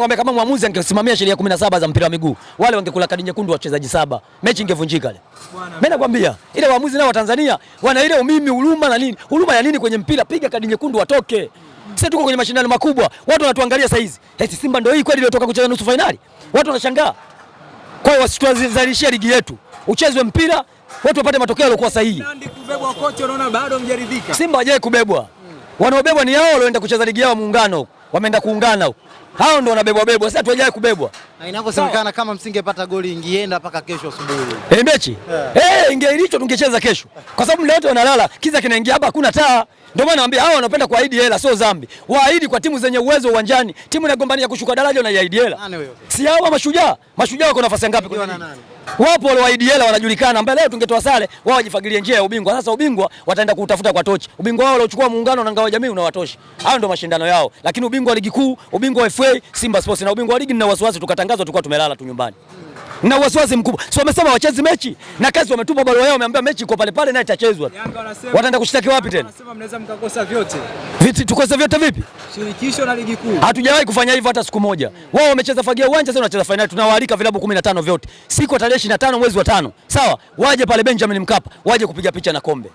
nakwambia kama mwamuzi angesimamia sheria 17 za mpira wa miguu, wale wangekula kadi nyekundu wachezaji saba, mechi ingevunjika ile. Mimi nakwambia ile waamuzi nao wa Tanzania wana ile umimi, huruma na nini, huruma ya nini kwenye mpira? Piga kadi nyekundu watoke. Sisi tuko kwenye mashindano makubwa, watu wanatuangalia saa hizi. Eti Simba ndio hii kweli iliyotoka kucheza nusu finali? watu wanashangaa. Kwa hiyo wasituzalishie ligi yetu, uchezwe mpira, watu wapate matokeo yaliokuwa sahihi. Simba hajawahi kubebwa, hmm. wanaobebwa ni hao walioenda kucheza ligi yao muungano wameenda kuungana huko. Hao ndio wanabebwa bebwa. Sasa tuwajae kubebwa. Na inavyosemekana kama msingepata goli ingeenda mpaka kesho asubuhi. Eh, mechi? Eh, ingeilicho tungecheza kesho. Kwa sababu leo wote wanalala, kiza kinaingia hapa hakuna taa. Ndio maana naambia hao wanapenda kuahidi hela sio dhambi. Waahidi kwa timu zenye uwezo uwanjani. Timu inagombania kushuka daraja na yaahidi hela. Si hao mashujaa? Mashujaa wako nafasi ngapi kwa nani? Wapo wa hela wanajulikana, ambaye leo tungetoa sare wao wajifagilie njia ya ubingwa. Sasa ubingwa wataenda kuutafuta kwa tochi. Ubingwa wao waliochukua muungano na ngao ya jamii unawatosha. Hayo ndio mashindano yao, lakini ubingwa wa ligi kuu, ubingwa wa FA, Simba Sports na ubingwa wa ligi, nina wasiwasi tukatangazwa, tulikuwa tumelala tu nyumbani na wasiwasi mkubwa. So wamesema wachezi mechi na kazi, wametupa barua yao, wameambia mechi iko pale pale na itachezwa. Wataenda kushtaki wapi tena? Wanasema mnaweza mkakosa vyote. Viti tukosa vyote vipi? Shirikisho na ligi kuu. Hatujawahi kufanya hivyo hata siku moja. Wao wamecheza fagia uwanja, sasa wanacheza finali. Tunawaalika vilabu 15 vyote. Siku tarehe 25 mwezi wa tano. Sawa? Waje pale Benjamin Mkapa, waje kupiga picha na kombe.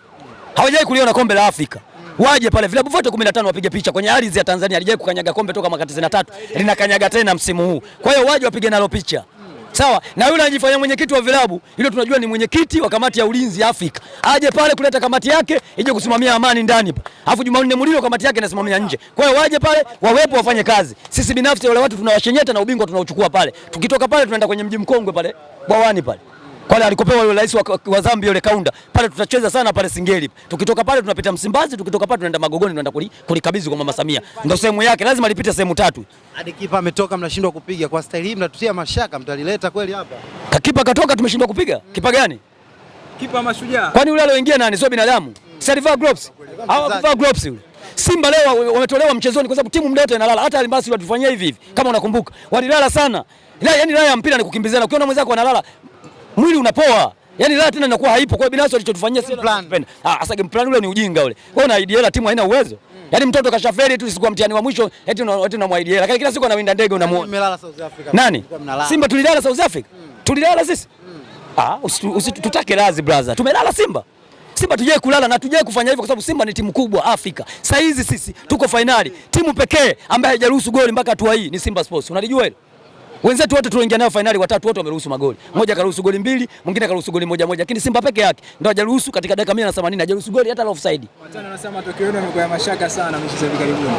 Hawajawahi kuliona kombe la Afrika. Waje pale vilabu vyote 15 wapige picha kwenye ardhi ya Tanzania. Halijawahi kukanyaga kombe toka mwaka 93. Linakanyaga tena msimu huu. Kwa hiyo waje wapige nalo picha sawa na yule anajifanya mwenyekiti wa vilabu, ile tunajua ni mwenyekiti wa kamati ya ulinzi Afrika, aje pale kuleta kamati yake ije kusimamia amani ndani hapa, alafu Jumanne Mulilo kamati yake inasimamia nje. Kwa hiyo waje pale wawepo, wafanye kazi. Sisi binafsi wale watu tunawashenyeta na ubingwa tunaochukua pale, tukitoka pale tunaenda kwenye mji mkongwe pale bwawani pale Kwale alikopewa yule rais wa, wa Zambia yule Kaunda pale, tutacheza sana pale Singeli. Tukitoka pale tunapita Msimbazi, tukitoka pale tunaenda Magogoni, tunaenda kulikabidhi kwa mama Samia, ndio sehemu yake, lazima alipite sehemu tatu. Hadi kipa ametoka, mnashindwa kupiga kwa staili hii, mnatutia mashaka, mtalileta kweli hapa? Kakipa katoka, tumeshindwa kupiga mm. Kipa gani? Kipa mashujaa, kwani yule aloingia nani? Sio binadamu mm. Si alivaa gloves, hawakuvaa gloves yule Simba leo wametolewa mchezoni kwa sababu timu muda inalala. Hata Alimbasi watufanyia hivi hivi, kama unakumbuka, walilala sana. Yaani raha ya mpira ni kukimbizana. Ukiona mwenzako analala, mwili unapoa. Yaani raha tena inakuwa haipo. Kwa binafsi alichotufanyia si plan. Ah, sasa game plan ule ni ujinga ule. Wewe na idea la timu haina uwezo. Mm. Yaani mtoto kashaferi tu sikuwa mtihani wa mwisho eti eti unamwa idea. Lakini kila siku anawinda ndege unamuona. Yaani mmelala South Africa. Nani? Simba tulilala South Africa. Mm. Tulilala sisi. Mm. Ah, usitutake razi brother. Tumelala Simba. Simba tujai kulala na tujai kufanya hivyo kwa sababu Simba ni timu kubwa Afrika. Sasa hizi sisi tuko finali. Timu pekee ambayo haijaruhusu goli mpaka hatua hii ni Simba Sports. Unalijua hilo? Wenzetu wote tuloingia nayo fainali watatu wote wameruhusu magoli. Mmoja karuhusu goli mbili, mwingine karuhusu goli moja moja. Lakini Simba peke yake ndo hajaruhusu katika dakika 180 hajaruhusu goli hata la offside. Watano wanasema matokeo yenu yamekuwa ya mashaka sana mchezo hivi karibuni.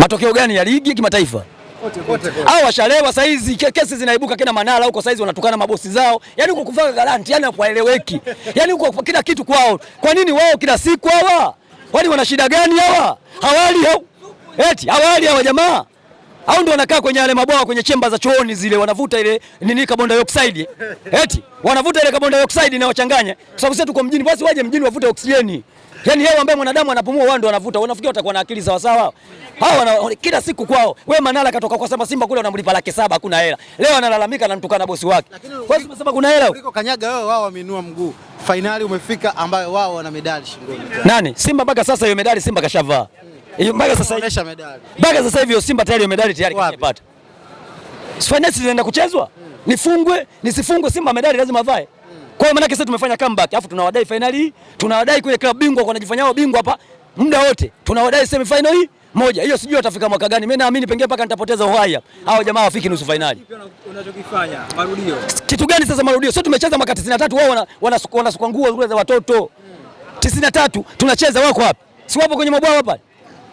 Matokeo gani ya ligi kimataifa? Hao washalewa saa hizi kesi zinaibuka kina Manara huko saa hizi wanatukana mabosi zao. Yaani huko kuvaa garanti, yani hakueleweki. Yaani huko kila kitu kwao. Kwa nini wao kila siku hawa? Wani wana shida gani hawa? Hawali hao. Eti hawali hawa jamaa au ndio wanakaa kwenye yale mabwawa kwenye chemba za chooni zile, wanavuta ile nini, carbon dioxide eti wanavuta ile carbon dioxide na wachanganya, kwa sababu sisi tuko mjini, basi waje mjini wavute oksijeni, yani hewa ambayo mwanadamu anapumua, wao ndio wanavuta. wanafikia watakuwa na akili sawa sawa? Hao wana kila siku kwao. Wewe Manala katoka kwa sema Simba kule wanamlipa laki saba, hakuna hela. Leo analalamika anamtukana bosi wake, kwa sababu sema kuna hela kuliko kanyaga wewe, wao wameinua mguu. finali umefika ambayo wao wana medali shingoni. Nani Simba mpaka sasa hiyo medali Simba kashavaa. Eh, mpaka sasa hivi medali. Mpaka sasa hivi Simba tayari medali tayari kapata. Finance zinaenda kuchezwa? Hmm. Nifungwe, nisifungwe Simba medali lazima avae. Hmm. Kwa hiyo maana sasa tumefanya comeback, alafu tunawadai finali, hii, tunawadai kule klabu bingwa kwa wao bingwa hapa muda wote. Tunawadai semi final hii moja. Hiyo sijui atafika mwaka gani. Mimi naamini pengine mpaka nitapoteza uhai hapa. Hao jamaa wafiki nusu finali. Unachokifanya marudio. Kitu gani sasa marudio? Sio tumecheza mwaka 93 wao wana wanasukwa nguo zile za watoto. 93 hmm. tunacheza wako hapa. Si wapo kwenye mabwao hapa?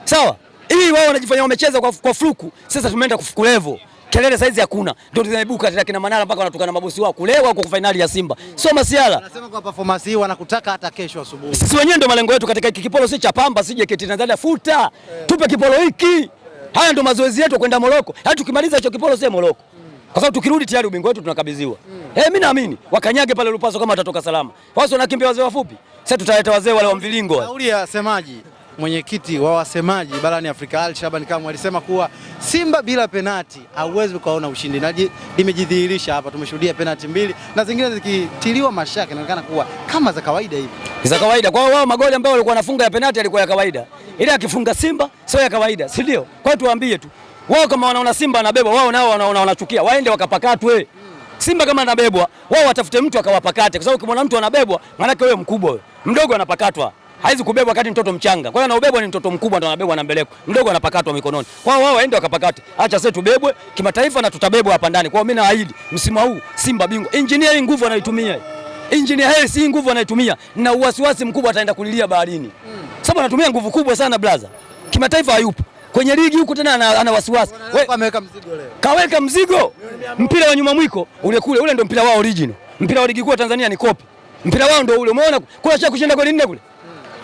sawa. Hii wao wanajifanya wamecheza kwa, kwa fluku. Sasa tumeenda kufuku level kelele saizi hakuna, ndio tunaibuka tena kina Manara mpaka wanatukana na mabosi wao kulewa huko finali ya Simba. Sio masiala. Anasema kwa performance hii wanakutaka hata kesho asubuhi. Sisi wenyewe ndio malengo yetu katika hiki kipolo, si cha pamba, si JKT Tanzania futa yeah. Tupe kipolo hiki yeah. Haya ndio mazoezi yetu kwenda Moroko. Hata tukimaliza hicho kipolo sio Moroko mm. Kwa sababu tukirudi tayari ubingwa wetu tunakabidhiwa mm. Eh, mimi naamini wakanyage pale Lupaso kama watatoka salama. Wao wanakimbia wazee wafupi, sasa tutaleta wazee wale wa mvilingo. Kauli ya semaji mwenyekiti wa wasemaji barani Afrika Ali Shaban Kamwe alisema kuwa Simba bila penati hauwezi ukaona ushindi, na limejidhihirisha hapa. Tumeshuhudia penati mbili na zingine zikitiliwa mashaka, inaonekana kuwa kama za kawaida hivi, za kawaida kwao. Wao magoli ambayo walikuwa wanafunga ya penati yalikuwa ya kawaida, ile akifunga Simba sio ya kawaida, si ndio? Kwa hiyo tuwaambie tu wao, kama wanaona Simba anabebwa, wao nao wanaona wanachukia, waende wakapakatwe. Simba kama anabebwa, wao watafute mtu akawapakate, kwa sababu ukimwona mtu anabebwa, maanake wewe mkubwa, wewe mdogo anapakatwa haizi kubebwa wakati mtoto mchanga. Kwa hiyo anaubebwa ni mtoto mkubwa ndo anabebwa na mbeleko, mdogo anapakatwa mikononi. Kwa hiyo wao waende wakapakate, acha sasa tubebwe kimataifa na tutabebwa hapa ndani. Kwa hiyo mimi naahidi msimu huu Simba bingwa. Engineer hii nguvu anaitumia Engineer hii si nguvu anaitumia, na uwasiwasi mkubwa ataenda kulilia baharini mm. Sababu anatumia nguvu kubwa sana brother. kimataifa hayupo kwenye ligi huko tena ana, ana wasiwasi. Kaweka mzigo leo, kaweka mzigo mpira wa nyuma mwiko ule kule, ule ndio mpira wao original. Mpira wa ligi kuu ya Tanzania ni kopi, mpira wao ndio ule. Umeona kuna cha kushinda goli nne kule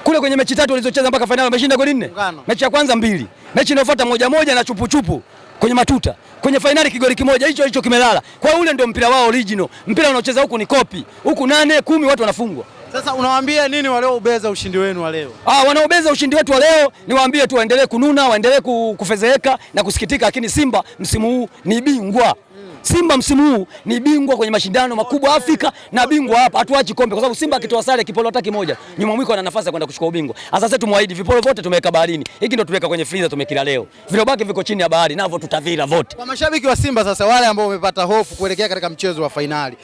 kule kwenye mechi tatu walizocheza mpaka fainali wameshinda goli nne. Mechi ya kwanza mbili, mechi inayofuata moja moja na chupuchupu kwenye matuta, kwenye fainali kigoli kimoja hicho hicho kimelala. Kwa ule ndio mpira wao original. Mpira unaocheza huku ni kopi, huku nane kumi watu wanafungwa. Sasa unawaambia nini walioubeza ushindi wenu wa leo? Ah, wanaobeza ushindi wetu wa leo niwaambie tu waendelee kununa, waendelee kufezeeka na kusikitika, lakini Simba msimu huu ni bingwa. Simba msimu huu ni bingwa kwenye mashindano makubwa Afrika na bingwa hapa, hatuachi kombe kwa sababu Simba akitoa sare kipolo hata kimoja, nyuma mwiko ana nafasi ya kwenda kuchukua ubingwa. Sasa tumwaahidi vipolo vote tumeweka baharini, hiki ndo tuweka kwenye freezer, tumekila leo, vilobaki viko chini ya bahari, navyo tutavila vote. Kwa mashabiki wa Simba sasa, wale ambao wamepata hofu kuelekea katika mchezo wa fainali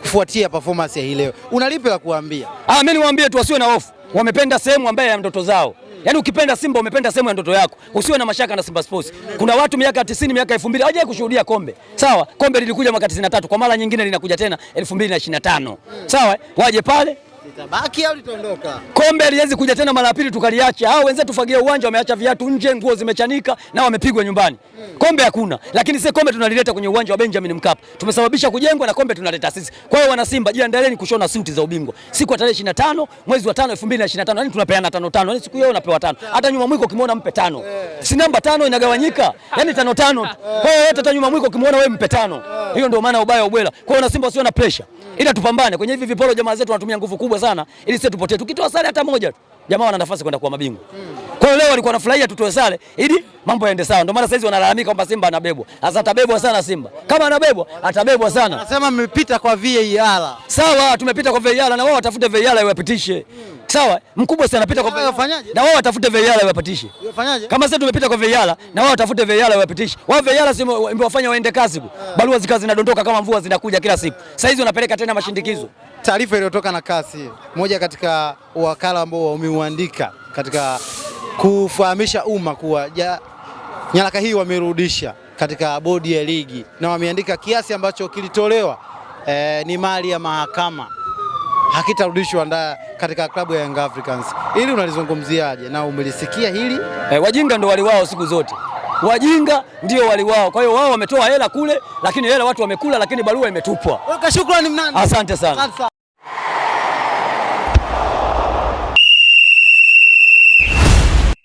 kufuatia performance ya hii leo, unalipe la kuambia? Ah, mimi niwaambie tu wasiwe na hofu wamependa sehemu ambayo ya ndoto zao. Yaani ukipenda Simba umependa sehemu ya ndoto yako. Usiwe na mashaka na Simba Sports. Kuna watu miaka 90, miaka 2000 hawajawahi kushuhudia kombe. Sawa? Kombe lilikuja mwaka 93, kwa mara nyingine linakuja tena 2025. Sawa? Waje pale litabaki au litaondoka? Kombe liwezi kuja tena mara pili tukaliacha. Hao wenzetu tufagia uwanja wameacha viatu nje, nguo zimechanika na wamepigwa nyumbani. Hmm. Kombe hakuna. Lakini sisi kombe tunalileta kwenye uwanja wa Benjamin Mkapa. Tumesababisha kujengwa na kombe tunaleta sisi. Kwa hiyo wana Simba, jiandaeni kushona suti za ubingwa. Siku ya tarehe 25 mwezi wa 5 2025. Yaani tunapeana tano tano. Yaani siku hiyo unapewa tano. Hata nyuma mwiko ukimwona mpe tano. Eh. Si namba tano inagawanyika. Yaani tano tano. Eh. Kwa hiyo hata nyuma mwiko ukimwona wewe mpe tano. Eh. Hiyo ndio maana ubaya ubwela. Kwa hiyo wana Simba sio na pressure. Hmm. Ila tupambane kwenye hivi viporo jamaa zetu wanatumia nguvu kubwa sana ili sisi tupotee. Tukitoa sare hata moja tu, jamaa wana nafasi kwenda kuwa mabingwa. Kwa hiyo leo walikuwa wanafurahia tutoe sare ili mambo yaende sawa. Ndio maana sasa hizi wanalalamika kwamba Simba anabebwa. Sasa atabebwa sana Simba. Kama anabebwa, atabebwa sana. Anasema mmepita kwa VAR. Sawa, tumepita kwa VAR na wao watafute VAR iwapitishe sawa, mkubwa sana anapita kwa wafanyaje, na wao watafute VAR wapatishe. Wafanyaje kama sasa tumepita kwa VAR, na wao watafute VAR wapatishe. Wao VAR si wafanya waende kazi, eh. barua zikazi zinadondoka kama mvua zinakuja kila siku. Sasa hizi wanapeleka tena mashindikizo. Taarifa iliyotoka na kasi moja katika wakala ambao wameuandika katika kufahamisha umma kuwa ja, nyaraka hii wamerudisha katika bodi ya ligi na wameandika kiasi ambacho kilitolewa eh, ni mali ya mahakama hakitarudishwa nda katika klabu ya Young Africans. Hili unalizungumziaje na umelisikia hili? E, wajinga ndo wali wao siku zote, wajinga ndio wali wao. Kwa hiyo wao wametoa hela kule, lakini hela watu wamekula, lakini barua imetupwa. Eh, shukrani mnani, asante sana, asante sana.